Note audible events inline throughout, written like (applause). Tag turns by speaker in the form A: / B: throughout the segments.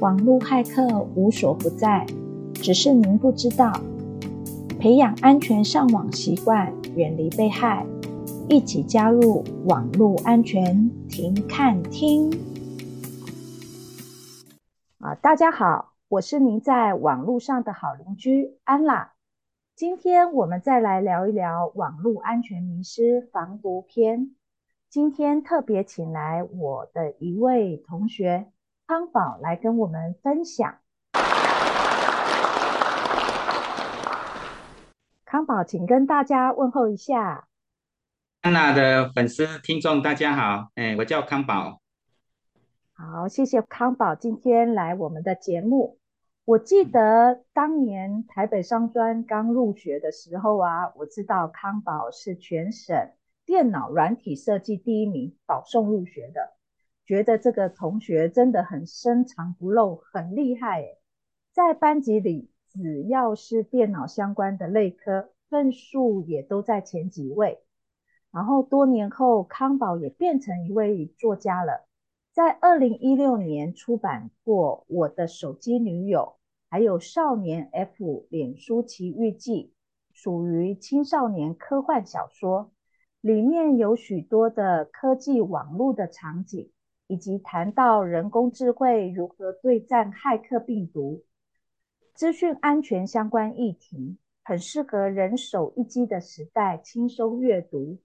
A: 網絡駭客無所不在，只是您不知道。培養安全上網習慣，遠離被害，一起加入網絡安全，停看聽。啊，大家好，我是您在網絡上的好鄰居安娜。今天我們再來聊一聊網絡安全迷思防毒篇。今天特別請來我的一位同學。康寶來跟我們分享。康寶，請跟大家問候一下。
B: 安娜的粉絲聽眾大家好，哎，我叫康寶。
A: 好，謝謝康寶今天來我們的節目。我記得當年台北商專剛入學的時候啊，我知道康寶是全省電腦軟體設計第一名保送入學的。覺得這個同學真的很深藏不露，很厲害耶。在班級裡，只要是電腦相關的類科，分數也都在前幾位。然後多年後，康寶也變成一位作家了，在二零一六年出版過《我的手機女友》，還有《少年 F 臉書奇遇記》，屬於青少年科幻小說，裡面有許多的科技網絡的場景。以及談到人工智慧如何對戰駭客病毒、資訊安全相關議題，很適合人手一機的時代輕鬆閱讀。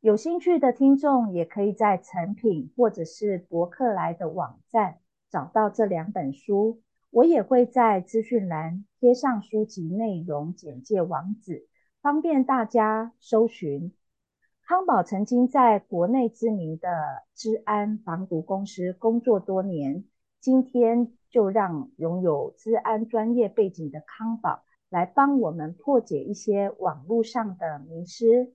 A: 有興趣的聽眾也可以在誠品或者是博客來的網站找到這兩本書。我也會在資訊欄貼上書籍內容簡介網址，方便大家搜尋。康寶曾經在國內知名的資安防毒公司工作多年，今天就讓擁有資安專業背景的康寶來幫我們破解一些網路上的迷思。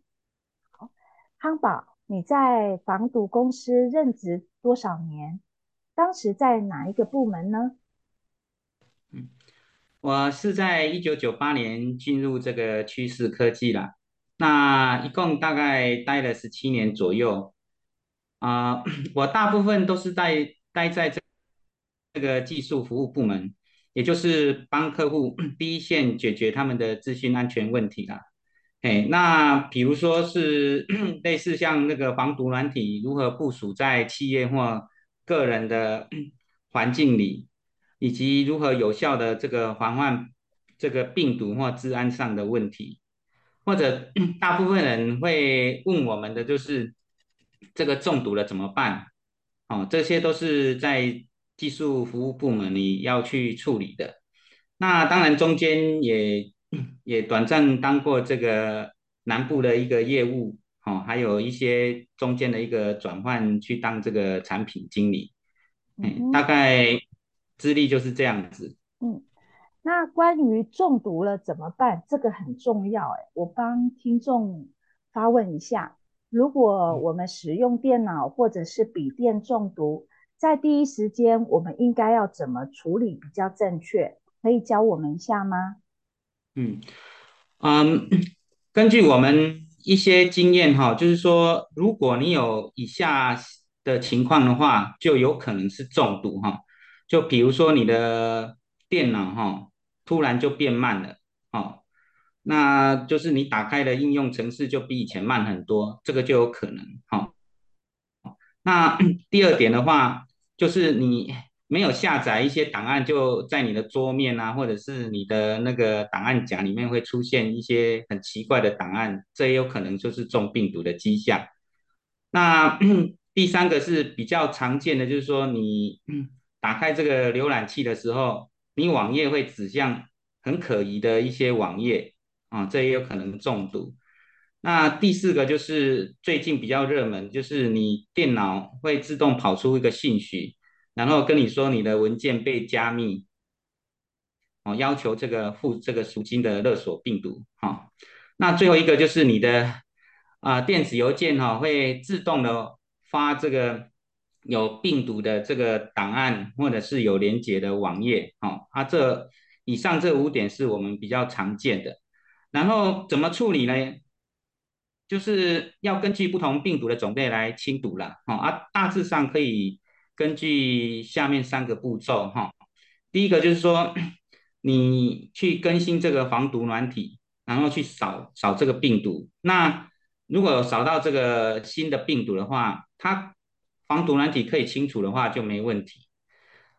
A: 康寶，你在防毒公司任職多少年？當時在哪一個部門呢？嗯，
B: 我是在一九九八年進入這個趨勢科技啦。那一共大概待了十七年左右，啊、呃，我大部分都是待待在這這個技術服務部門，也就是幫客戶第一線解決他們的資訊安全問題啦。哎，那比如說是類似像那個防毒軟體如何部署在企業或個人的環境裡，以及如何有效的這個防範這個病毒或資安上的問題。或者大部分人會問我們的就是這個中毒了怎麼辦？哦，這些都是在技術服務部門你要去處理的。那當然中間也也短暫當過這個南部的一個業務哦，還有一些中間的一個轉換去當這個產品經理，嗯、
A: 哎，大
B: 概資歷就是這樣子，嗯。
A: 那關於中毒了怎麼辦？這個很重要欸，我幫聽眾發問一下：如果我們使用電腦或者是筆電中毒，在第一時間我們應該要怎麼處理比較正確？可以教我們一下嗎？嗯
B: 嗯，根據我們一些經驗哈，就是說，如果你有以下的情況的話，就有可能是中毒哈，就比如說你的電腦哈。突然就變慢了，哦，那就是你打開的應用程式就比以前慢很多，這個就有可能。好，哦，那第二點的話，就是你沒有下載一些檔案，就在你的桌面啊，或者是你的那個檔案夾裡面會出現一些很奇怪的檔案，這也有可能就是中病毒的跡象。那第三個是比較常見的，就是說你打開這個瀏覽器的時候，你網頁會指向很可疑的一些網頁啊，這也有可能中毒。那第四個就是最近比較熱門，就是你電腦會自動跑出一個信息，然後跟你說你的文件被加密，哦、啊，要求這個付這個贖金的勒索病毒。哈、啊，那最後一個就是你的啊電子郵件哈、啊，會自動的發這個。有病毒的這個檔案，或者是有連結的網頁，哈，啊，這以上這五點是我們比較常見的。然後怎麼處理呢？就是要根據不同病毒的種類來清毒了，啊，大致上可以根據下面三個步驟，哈，第一個就是說，你去更新這個防毒軟體，然後去掃掃這個病毒。那如果掃到這個新的病毒的話，它防毒軟體可以清除的話就沒問題。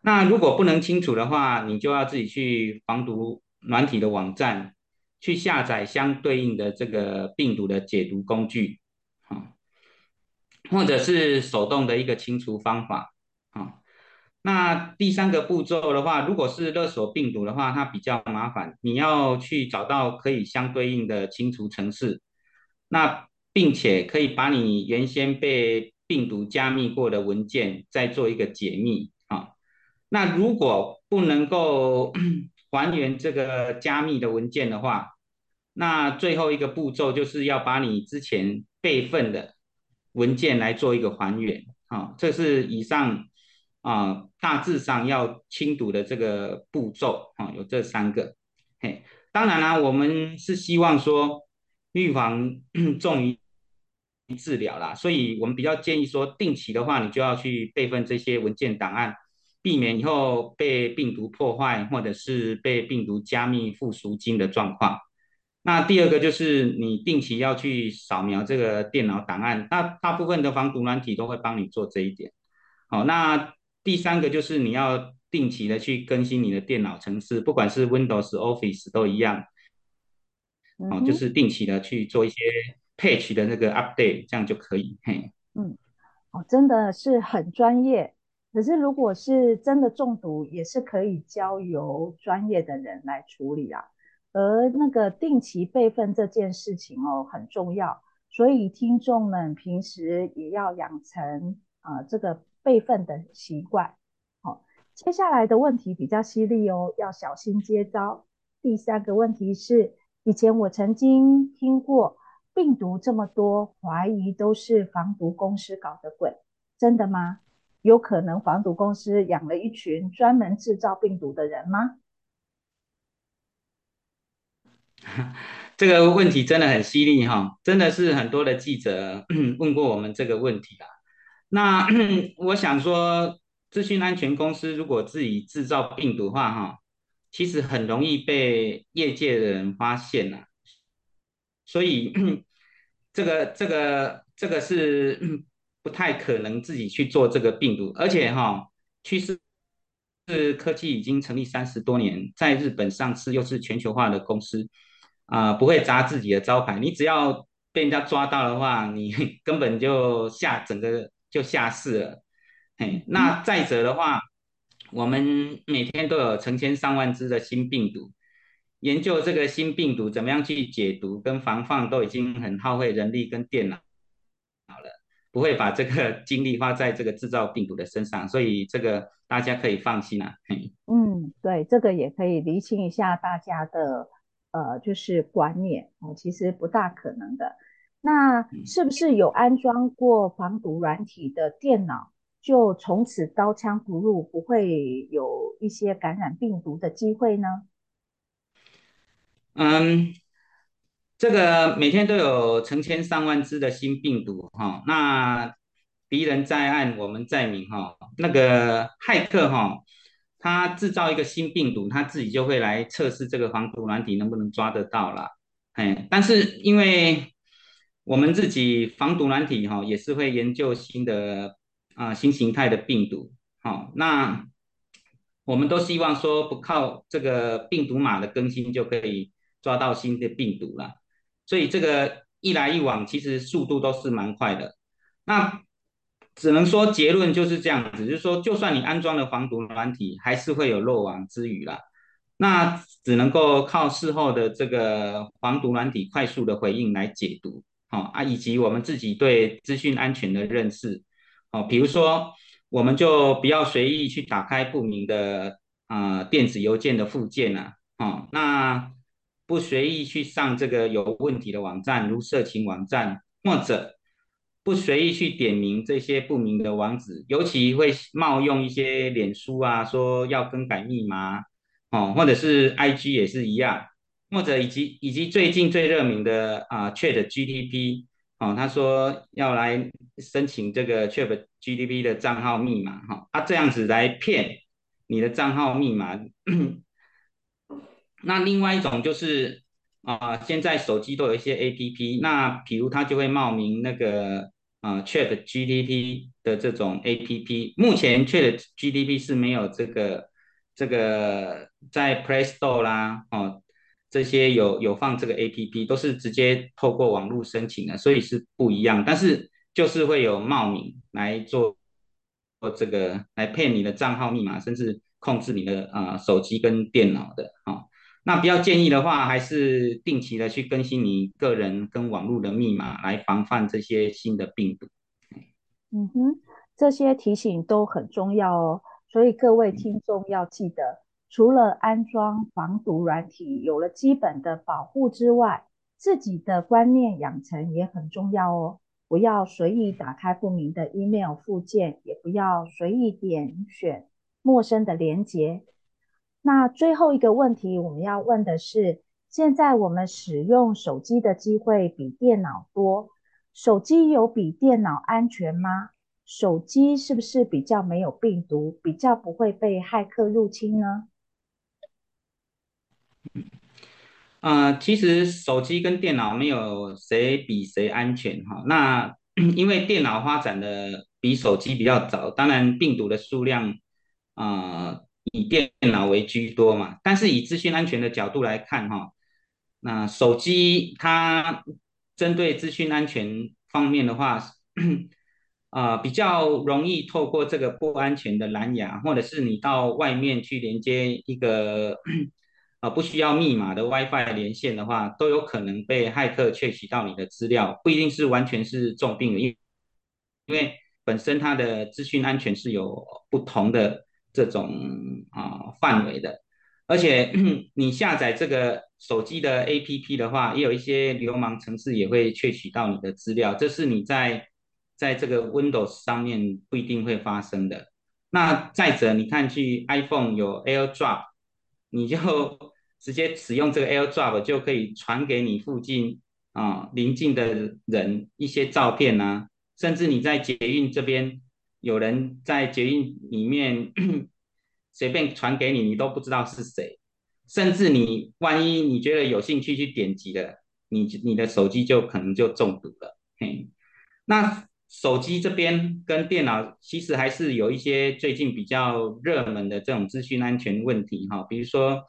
B: 那如果不能清除的話，你就要自己去防毒軟體的網站去下載相對應的這個病毒的解毒工具啊，或者是手動的一個清除方法啊。那第三個步驟的話，如果是勒索病毒的話，它比較麻煩，你要去找到可以相對應的清除程式，那並且可以把你原先被病毒加密過的文件，再做一個解密啊。那如果不能夠還原這個加密的文件的話，那最後一個步驟就是要把你之前備份的文件來做一個還原啊。這是以上啊，大致上要清毒的這個步驟啊，有這三個。嘿，當然啦啊，我們是希望說預防 (coughs) 重於。治療啦，所以我們比較建議說，定期的話，你就要去備份這些文件檔案，避免以後被病毒破壞或者是被病毒加密付贖金的狀況。那第二個就是你定期要去掃描這個電腦檔案，那大部分的防毒軟體都會幫你做這一點。好，那第三個就是你要定期的去更新你的電腦程式，不管是 Windows、Office 都一樣。
A: 好，就是
B: 定期的去做一些。patch 的那個 update，這樣就可以
A: 嘿。嗯，哦，真的是很專業。可是，如果是真的中毒，也是可以交由專業的人來處理啊。而那個定期備份這件事情哦，很重要，所以聽眾們平時也要養成啊、呃、這個備份的習慣。好、哦，接下來的問題比較犀利哦，要小心接招。第三個問題是，以前我曾經聽過。病毒這麼多，懷疑都是防毒公司搞的鬼，真的嗎？有可能防毒公司養了一群專門製造病毒的人嗎？
B: 這個問題真的很犀利哈、哦，真的是很多的記者問過我們這個問題啊。那 (coughs) 我想說，資訊安全公司如果自己製造病毒的話，哈，其實很容易被業界的人發現了、啊，所以。 (coughs) 這個這個這個是不太可能自己去做這個病毒，而且哈、哦，趨勢是科技已經成立三十多年，在日本上市又是全球化的公司啊、呃，不會砸自己的招牌。你只要被人家抓到的話，你根本就下整個就下市了。嘿，那再者的話，我們每天都有成千上萬只的新病毒。研究這個新病毒怎麼樣去解毒跟防範都已經很耗費人力跟電腦好了，不會把這個精力花在這個製造病毒的身上，所以這個大家可以放心啦、
A: 啊。嗯，對，這個也可以釐清一下大家的呃就是觀念哦、嗯，其實不大可能的。那是不是有安裝過防毒軟體的電腦，就從此刀槍不入，不會有一些感染病毒的機會呢？
B: 嗯，這個每天都有成千上萬隻的新病毒哈，那敵人在暗，我們在明哈。那個駭客哈，他製造一個新病毒，他自己就會來測試這個防毒軟體能不能抓得到啦。哎，但是因為我們自己防毒軟體哈，也是會研究新的啊新形態的病毒。哈，那我們都希望說，不靠這個病毒碼的更新就可以。抓到新的病毒了，所以這個一來一往，其實速度都是蠻快的。那只能說結論就是這樣子，就是說，就算你安裝了防毒軟體，還是會有漏網之魚了。那只能夠靠事後的這個防毒軟體快速的回應來解讀啊，以及我們自己對資訊安全的認識，哦、啊，比如說，我們就不要隨意去打開不明的啊、呃、電子郵件的附件了、啊啊，那。不隨意去上這個有問題的網站，如色情網站，或者不隨意去點名這些不明的網址，尤其會冒用一些臉書啊，說要更改密碼哦，或者是 IG 也是一樣，或者以及以及最近最熱門的啊，ChatGPT 哦，他說要來申請這個 ChatGPT 的賬號密碼哈，他，哦啊，這樣子來騙你的賬號密碼。 (coughs) 那另外一種就是啊，現在手機都有一些 A P P，那比如它就會冒名那個啊 ChatGPT 的這種 A P P，目前 ChatGPT 是沒有這個這個在 Play Store 啦哦、啊、這些有有放這個 A P P 都是直接透過網絡申請的，所以是不一樣，但是就是會有冒名來做做這個來騙你的賬號密碼，甚至控制你的啊手機跟電腦的啊。那比較建議的話，還是定期的去更新你個人跟網絡的密碼，來防範這些新的病毒。嗯
A: 哼，這些提醒都很重要哦。所以各位聽眾要記得，除了安裝防毒軟體，有了基本的保護之外，自己的觀念養成也很重要哦。不要隨意打開不明的 email 附件，也不要隨意點選陌生的連結。那最後一個問題，我們要問的是：現在我們使用手機的機會比電腦多，手機有比電腦安全嗎？手機是不是比較沒有病毒，比較不會被駭客入侵呢？嗯
B: 呃、其實手機跟電腦沒有誰比誰安全哈、哦。那因為電腦發展的比手機比較早，當然病毒的數量啊。呃以電腦為居多嘛，但是以資訊安全的角度來看，哦，哈，那手機它針對資訊安全方面的話，啊、呃，比較容易透過這個不安全的藍牙，或者是你到外面去連接一個啊、呃、不需要密碼的 WiFi 連線的話，都有可能被駭客竊取到你的資料，不一定是完全是中病毒，因為本身它的資訊安全是有不同的。這種啊範圍的，而且你下載這個手機的 APP 的話，也有一些流氓程式，也會竊取到你的資料，這是你在在這個 Windows 上面不一定會發生的。那再者，你看，去 iPhone 有 AirDrop，你就直接使用這個 AirDrop 就可以傳給你附近啊鄰近的人一些照片啊，甚至你在捷運這邊。有人在捷運裡面隨 (coughs) 便傳給你，你都不知道是誰，甚至你萬一你覺得有興趣去點擊的，你你的手機就可能就中毒了。嘿，那手機這邊跟電腦其實還是有一些最近比較熱門的這種資訊安全問題哈、哦，比如說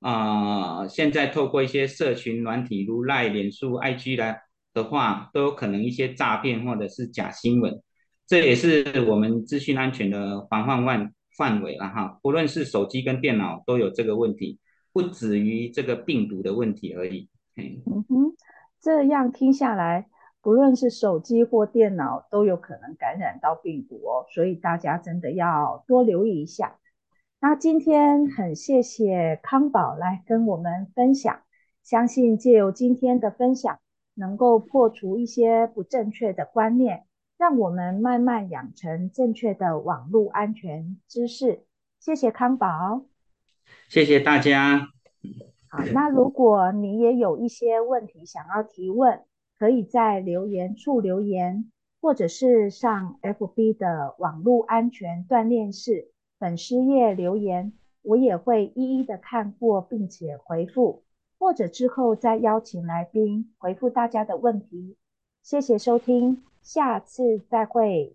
B: 啊、呃，現在透過一些社群軟體，如賴臉書、IG 啦的話，都有可能一些詐騙或者是假新聞。這也是我們資訊安全的防範範圍了哈，不論是手機跟電腦都有這個問題，不止於這個病毒的問題而已。嗯哼，
A: 這樣聽下來，不論是手機或電腦都有可能感染到病毒哦，所以大家真的要多留意一下。那今天很謝謝康寶來跟我們分享，相信借由今天的分享，能夠破除一些不正確的觀念。讓我們慢慢養成正確的網絡安全知識。謝謝康寶，
B: 謝謝大家。
A: 好，那如果你也有一些問題想要提問，可以在留言處留言，或者是上 FB 的網絡安全鍛鍊室粉絲頁留言，我也會一一的看過並且回復，或者之後再邀請來賓回復大家的問題。謝謝收聽。下次再會。